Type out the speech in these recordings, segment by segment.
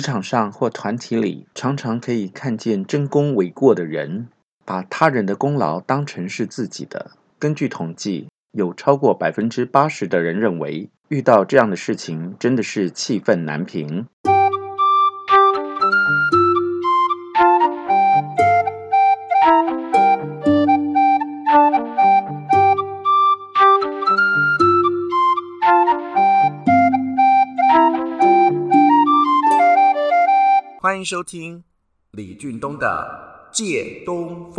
職場上或團體裡，常常可以看見爭功諉過的人，把他人的功勞當成是自己的。根據統計，有超過百分之八十的人認為，遇到這樣的事情，真的是氣憤難平。歡迎收聽李俊東的《借東風》。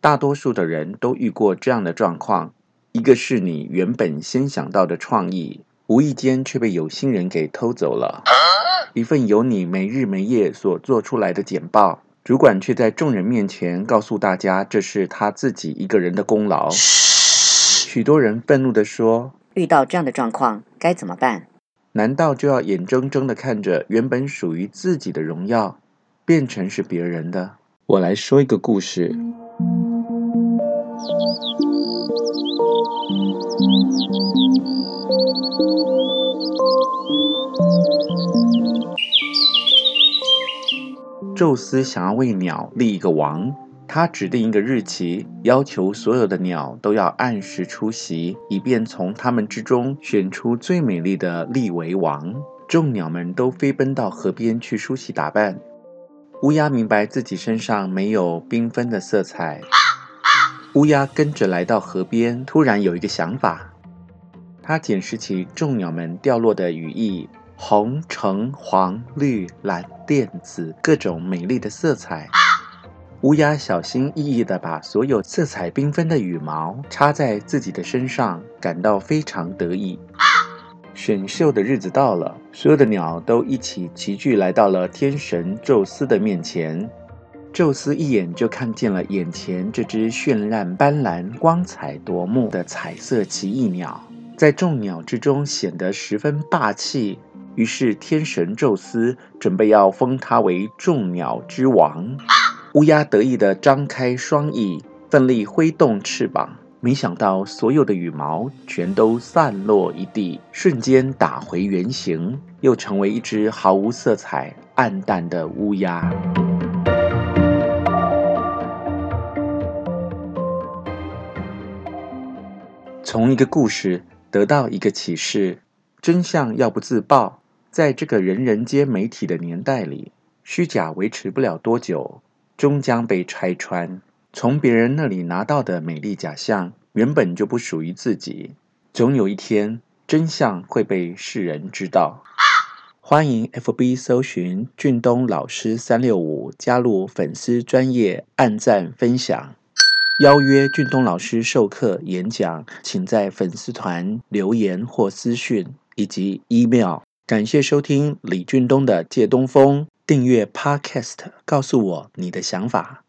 大多數的人都遇過這樣的狀況：一個是你原本先想到的創意，無意間卻被有心人給偷走了。啊、一份由你沒日沒夜所做出來的簡報，主管卻在眾人面前告訴大家，這是他自己一個人的功勞。許多人憤怒地說：“遇到這樣的狀況該怎麼辦？”難道就要眼睜睜的看着原本屬於自己的榮耀，變成是別人的？我來說一個故事。宙斯想要為鳥立一個王。他指定一個日期，要求所有的鳥都要按時出席，以便從他們之中選出最美麗的立為王。眾鳥們都飛奔到河邊去梳洗打扮。烏鴉明白自己身上沒有繽紛的色彩，啊啊、烏鴉跟着來到河邊，突然有一個想法，他撿拾起眾鳥們掉落的羽翼，紅、橙、黃、綠、藍、靛、紫，各種美麗的色彩。烏鴉小心翼翼的把所有色彩繽紛的羽毛插在自己的身上，感到非常得意。選秀的日子到了，所有的鳥都一起齊聚來到了天神宙斯的面前。宙斯一眼就看見了眼前這隻絢爛斑斕、光彩奪目的彩色奇異鳥，在眾鳥之中顯得十分霸氣。於是天神宙斯準備要封他為眾鳥之王。烏鴉得意地張開雙翼，奮力揮動翅膀，沒想到所有的羽毛全都散落一地，瞬間打回原形，又成為一隻毫無色彩、暗淡的烏鴉。從一個故事得到一個啟示：真相要不自爆，在這個人人皆媒體的年代裡，虛假維持不了多久。終將被拆穿。從別人那裡拿到的美麗假象，原本就不屬於自己。總有一天，真相會被世人知道。啊、歡迎 FB 搜尋俊東老師三六五，加入粉絲專頁按讚分享。邀約俊東老師授課、演講，請在粉絲團留言或私訊以及 email。感謝收聽李俊東的借東風。訂閱 Podcast，告訴我你的想法。